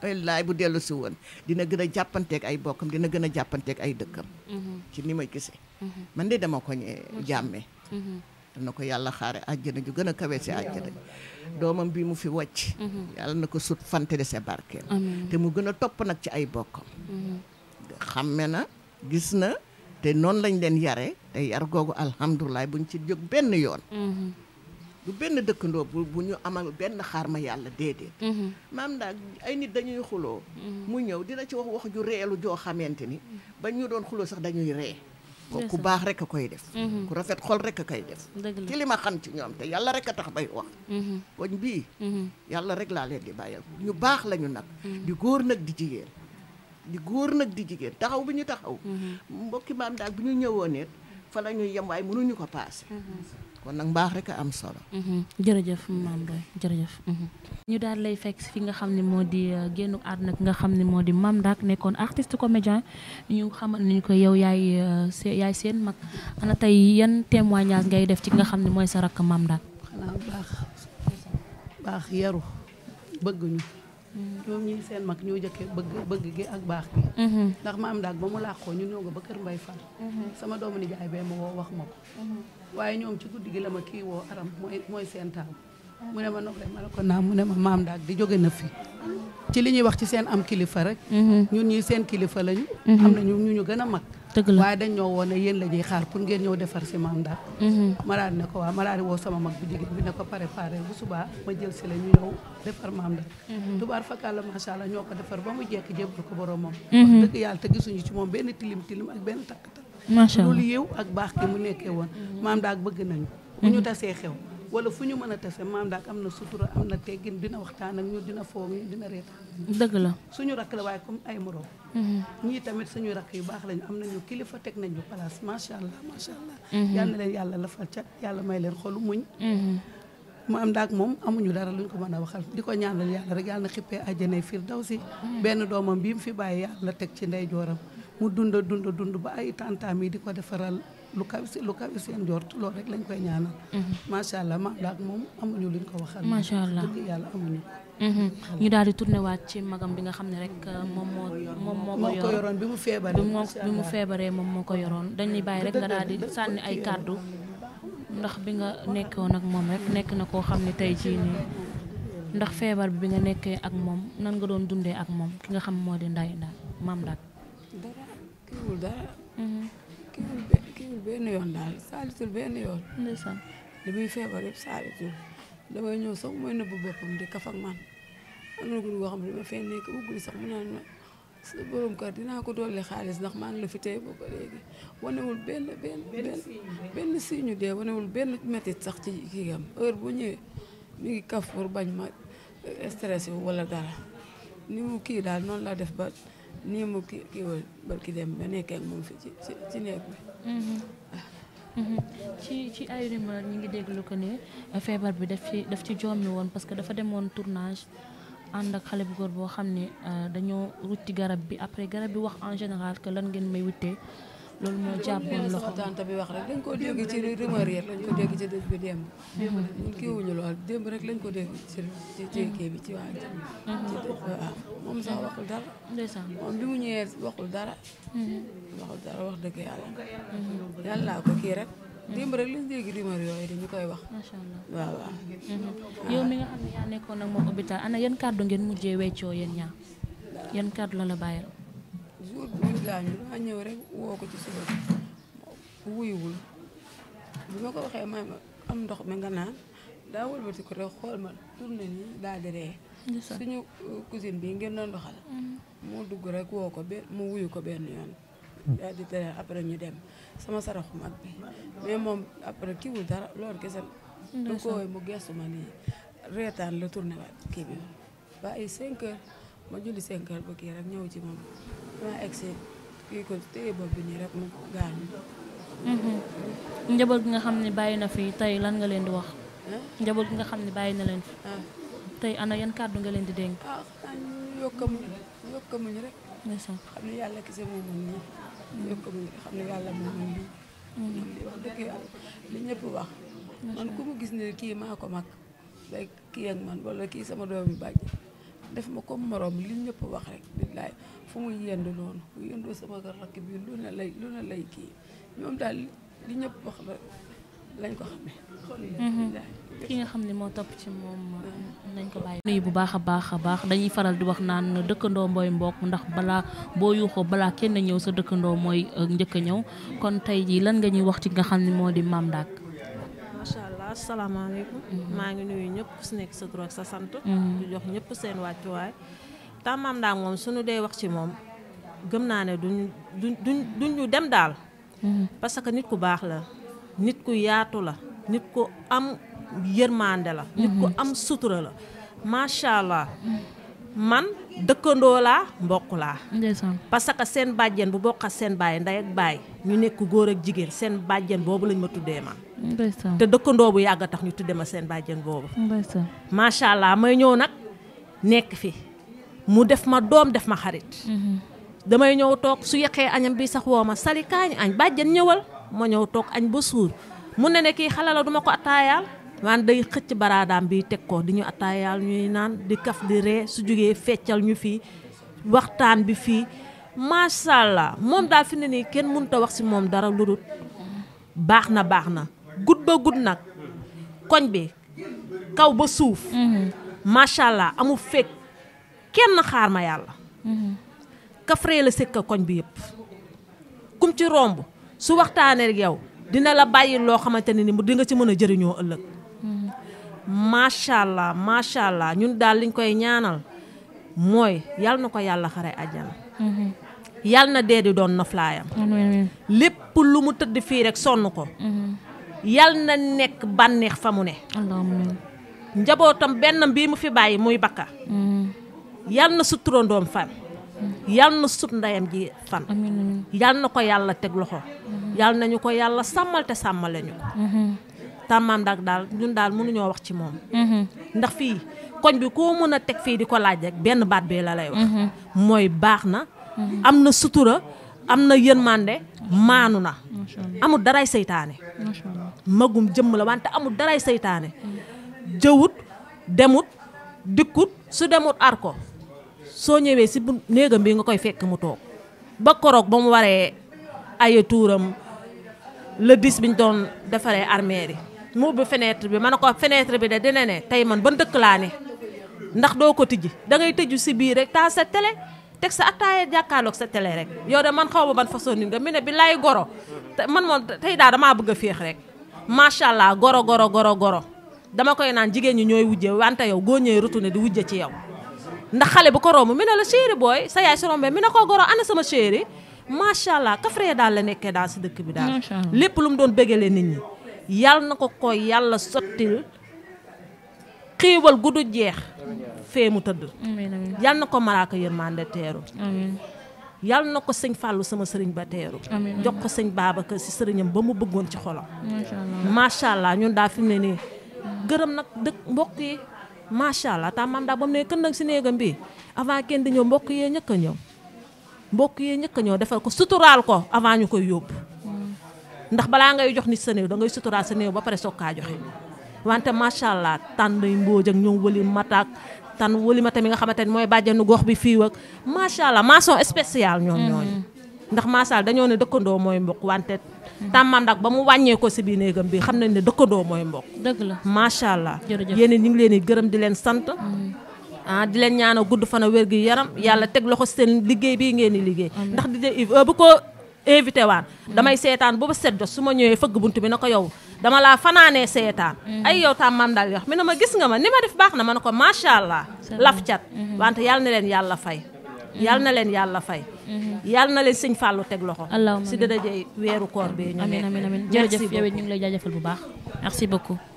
wallaay mhm. bu dellu si woon dina gën a jàppanteeg ay bokkam dina gën a jàppanteeg ay dëkkam ci ni ma gisee man de dama ko ñee jàmmee ko yàlla xaare àjjana ju gën a si àjjana doomam bi mu fi wàcc yàlla na ko sut fante sa barkeem te mu gën a topp nag ci ay bokkam xam na gis na te noonu lañ leen yare te yar googu alhamdulilah buñ ci jóg benn yoon mm-hmm. du benn dëkkandoo bu ñu amal benn xaar ma yàlla déedéet mm-hmm. maam ndaag ay nit dañuy xuloo mm-hmm. mu ñëw dina ci wax wax ju reelu joo xamante ni ba ñu doon xuloo sax dañuy ree ku baax rek a koy def ku rafet xol rek a koy def ci li ma xam ci ñoom te yàlla rek a tax bay wax koñ bii yàlla rek laa leen di bàyyal ñu baax lañu nag di góor nag di jigéen di góor nag di jigéen taxaw bi ñu taxaw mm-hmm. mbokki maam daal bu ñu ñëwoon it fa la yem waaye mënuñu ko paase mm-hmm. kon nag mbaax rek am solo. Mm-hmm. jërëjëf maam Ndoye jërëjëf. ñu daal lay fekk fi nga xam ne moo di euh, génn àdduna ki nga xam ne moo di Mame Ndakh nekkoon artiste comédien ñu xamal ni ko yow yaay euh, yaay seen mag ana tey yan témoignage ngay def ci nga xam ne mooy sa rakk maam Ndakh. xanaa baax yaru bëgg Mm. ñoom ñi seen mag ñoo jëkke bëgg bëgg gi ak baax mm-hmm. ndax ma am daag ba mu làqoo ñu ñëw nga ba kër mbay fan mm-hmm. sama doomu nijaay bee ma woo wax ma ko mm-hmm. waaye ñoom ci guddi gi la ma kii woo aram mooy mooy seen taaw mu ne ma noppale ma ne ko naa mu ne ma maam daag di jóge na fi ci li ñuy wax ci seen am kilifa rek ñun ñi seen kilifa lañu am na ñu ñu gën a mag dëgg la waaye dañ ñoo woon ne yéen la ñuy xaar pour ngeen ñëw defar si maam mhm. daal. Maraadi ne ko waa Maraadi woo sama mag bu jigéen bi ne ko pare pare bu subaa ma jël si la ñu ñëw defar maam mhm. daal. tubaar fakkaat la macha allah ñoo ko defar ba mu jekk jébbal ko borom moom. wax dëgg yàlla te gisuñu ci moom benn tilim tilim ak benn takk takk. macha allah loolu yéew ak baax gi mu nekkee woon. Mhm. maam ak bëgg nañu. bu ñu tasee xew. wala fu ñu mën a tase maam daal am na sutura am na teggin dina waxtaan ak ñu dina foog ñu dina reetaan. dëgg la suñu rakk la waaye comme ay morom. Mhm. ñii tamit suñu rakk yu baax lañu am nañu kilifa teg nañ place macha allah macha allah. Mhm. yal na leen yàlla lafal cat yàlla may leen mhm. mu muñ. maam daak moom amuñu dara luñ ko mën a waxal di ko ñaanal yàlla rek yàlla na xippee àjjanay si benn doomam bii mu fi bàyyi yàlla teg ci ndeyjooram mu dund dund dund ba ay tantaam yi di ko defaral. lu kaw si lu kaw loolu rek lañ koy ñaanal. Mm-hmm. macha allah ma daal moom amuñu luñ ko waxal. macha allah dëgg yàlla amuñu. Mm-hmm. ñu daal di tourné waat ci magam bi nga xam ne rek euh, moom moo. moom moo ko yoroon bi mu feebaree. bi mu feebaree moom moo ko yoroon dañuy bàyyi rek nga daal di sànni ay kàddu ndax bi nga nekkoon ak moom nekk na koo xam ne tey jii ndax feebar bi nga nekkee ak moom nan nga doon dundee ak moom ki nga xam moo di Ndeye Ndane maam daal. kiiwul benn yoon daal saalitul benn yoon. ndeysaan li muy feebar yëpp saalitul damay ñëw sax mooy nëbbu boppam di kaf man am na guddi goo xam ne ma fee nekk guddi sax mu naan ma sa borom kër dinaa ko dolli xaalis ndax maa ngi la fi tey ba léegi wanewul benn benn benn benn wanewul benn métit sax ci kii am heure bu ñëwee mi ngi kaf pour bañ ma eh, stressé wala dara ni mu kii daal noonu la def ba. nii mu ki kii woon barki dem ba nekkee ak moom fi ci ci ci bi. Mm-hmm. Mm-hmm. ci ci ay rumeur ñu ngi déglu ko ne feebar bi daf ci daf ci jommi woon parce que dafa demoon tournage ànd ak xale bu góor boo xam ne euh, dañoo rutti garab bi après garab bi wax en général que lan ngeen may wutee loolu moo jàppoon loxo tante bi wax rek dañ ko dégg ci rumeur yi lañ ko dégg ci dëj bi démb ñun kii wuñu lool démb rek lañ ko dégg ci kii bi ci waa ci mhm. waaw moom sax waxul dara moom bi mu ñëwee waxul dara mhm. waxul dara wax dëgg yàlla mhm. yàlla ko kii rek démb rek lañ dégg rumeur yooyu dañu koy wax macha allah waaw waaw yow mu nga xam ne yaa nekkoon ak moom hôpital ana yan kàddu ngeen mujjee weccoo yéen ñaar yan kàddu la la bàyyi jour bi mu gaañu daa ñëw rek woo ko ci wuyuwul bi ma ko waxee may ma am ndox mi nga naan daa wëlbati ko rek xool ma tourné nii daa di ree suñu uh, cousine bii ngeen doon doxal mm-hmm. mu dugg rek woo ko be mu wuyu ko benn yoon mm. daal di tere après ñu dem sama saraxum ak bi mais moom après kiwul dara loolu kese du koy mu gestu ma nii reetaan la tourné waat kii bi ba ay 5 heures ma julli 5 heures ba kii rek ñëw ci moom maa egg si bi nii rek mu gaañu. Mhm. njaboot nga xam ne bàyyi na fi tey lan nga leen di wax. njaboot nga xam ne bàyyi na leen fi. tey yan kàddu nga leen di dénk. a ah, ah, yàlla kese moo mën nii. man mm. li mm. wax dëgg yàlla li ñëpp wax. ku mu gis ne kii maa ko mag day kii ak man wala kii sama doom yu bàjj. def ma comme morom li ñëpp wax rek billaay fu muy yend noonu bu yendoo sama kër rakk bi lu ne lay lu ne daal li ñëpp wax la lañ ko xamee mm-hmm. ki nga xam ne moo topp ci moom mm-hmm. nañ ko bàyyi nuyu bu baax a baax a baax dañuy faral di wax naan dëkkandoo mbooy mbokk ndax balaa boo yuuxoo balaa kenn ñëw sa dëkkandoo mooy euh, njëkk a ñëw kon tey jii lan nga ñuy wax ci nga xam ne moo di maam Ndake asalaamaaleykum. maa ngi nuyu ñëpp ku nekk sa tur sa sant. Mm-hmm. di jox ñëpp seen wàccuwaay. tàmmaam daal moom suñu dee wax ci moom gëm naa ne duñ duñ duñ ñu dem daal. Mm-hmm. parce que nit ku baax la. nit ku yaatu la. nit ku am yërmande la. nit ku mm-hmm. am sutura la. macha allah. man dëkkandoo laa mbokk laa. parce que seen bàjjen bu bokk ak seen baay ndey ak baay ñu nekk góor ak jigéen seen bàjjen boobu lañ ma tuddee man. te dëkkandoo bu yàgg tax ñu tuddee ma seen bàjjen boobu. macha allah may ñëw nag nekk fi mu def ma doom def ma xarit. Mhm. damay ñëw toog su yeqee añam bi sax woo ma sali kaañ añ bàjjen ñëwal ma ñëw toog añ ba suur mun na ne kii xale la duma ko attaayaal. waa day xëcc baraadaam bi teg ko di ñu attaayaal ñuy naan di kaf di ree su jógee feccal ñu fii waxtaan bi fii macha allah moom daal fi ne nii kenn munta wax si moom dara lu dul baax na baax na gudd ba gudd nag koñ bi kaw ba suuf mhm. macha allah amu fekk kenn xaar ma yàlla mhm. kafree la sëkk koñ bi yëpp kum ci romb su waxtaanee ak yow dina la bàyyi loo xamante ne ni mu ci mën a jëriñoo ëllëg macha allah macha allah ñun daal liñ koy ñaanal mooy yal na ko yàlla xare àjjana. Mm-hmm. yal na dee di doon noflaayam. lépp lu mu tëdd fii rek sonn ko. Mm-hmm. yal na nekk bànneex fa mu ne. njabootam benn bi mu fi bàyyi muy bakka. Mm-hmm. yal na sut turandoom fan. yal na sut ndeyam ji fan. yal na ko yàlla teg loxo. yal nañu ko yàlla sàmmal te sàmmale tàmmaam daal daal ñun daal mënuñoo wax ci moom. Mhm. ndax fii koñ bi ko mën a teg fii di ko laaj rek benn baat bee la lay wax. Mhm. mooy baax na. Mhm. am na sutura am na yërmande maanu na. amul daray seytaane. magum jëmm la wante amul daray seytaane. jëwut demut dikkut su demut ar ko soo ñëwee si bu néegam bi nga koy fekk mu toog ba koroog ba mu waree ay tuuram le bis biñ doon defaree armeer yi mu ubbi fenêtre bi ma ne ko fenêtre bi de dina ne tey man ban dëkk laa ne ndax doo ko tijji da ngay tëju si biir rek taal sa télé teg sa attaaya jàkkaarloog sa tele rek yow de man xaw ma ban façon nit nga mi ne bi laay goro te man moom tey daal damaa bëgg a féex rek macha allah goro goro goro goro dama koy naan jigéen ñi ñooy wujje wante yow góor ñooy ne di wujje ci yow ndax xale bu ko romb mi ne la chéri booy sa yaay si rombee mi ne koo goro ana sama chéri macha allah kafre daal la nekkee daal si dëkk bi daal lépp lu mu doon bégalee nit ñi yàlla na ko ko yàlla sottil xiiwal gu jeex fee mu tëdd yàlla na ko malaaka yërmande teeru yàlla na ko sëñ Fallou sama sëriñ ba teeru jox ko sëñ Babacar si sëriñam ba mu bëggoon ci xolam macha allah ñun daa fi ne nii gërëm nag dëkk mbokk yi macha allah ta daa ba ne kën nag si néegam bi avant kenn di ñëw mbokk yee ñëkk a ñëw mbokk yee ñëkk ñëw defal ko suturaal ko avant ñu koy yóbbu ndax balaa ngay jox nit sa néew da ngay suturaa sa néew ba pare soog kaa joxe wante macha allah tan day mbooj ak ñoom wali mataak tan wali ma tamit nga xamante ni mooy bàjjenu gox bi fii ak macha allah maçon spécial ñoom ñooñu mm-hmm. ndax maasal dañoo ne dëkkandoo mooy mbokk wante tàmmam nag ba mu wàññee ko si biir néegam bi xam nañ ne dëkkandoo mooy mbokk dëgg la macha allah yéen ñu ngi leen di gërëm di leen sant mm-hmm. ah di leen ñaana gudd fana a wér gi yaram yàlla teg loxo seen liggéey bii ngeen di liggéey invité waan damay seetaan ba ba set jot su ma ñëwee fëgg bunt bi na ko yow dama laa fanaanee seetaan mm-hmm. ay yow tam man daal yox mi ne ma gis nga ma ni ma def baax na ma ne ko macha allah laf cat mm-hmm. wante yal na leen yàlla fay mm-hmm. yal na leen yàlla fay yàlla na leen sëñ Fallou teg loxo. allahumma si dërëjëy weeru koor bi ñu nekk. amiin amiin amiin jërëjëf yow ñu ngi lay jaajëfal bu baax. merci beaucoup.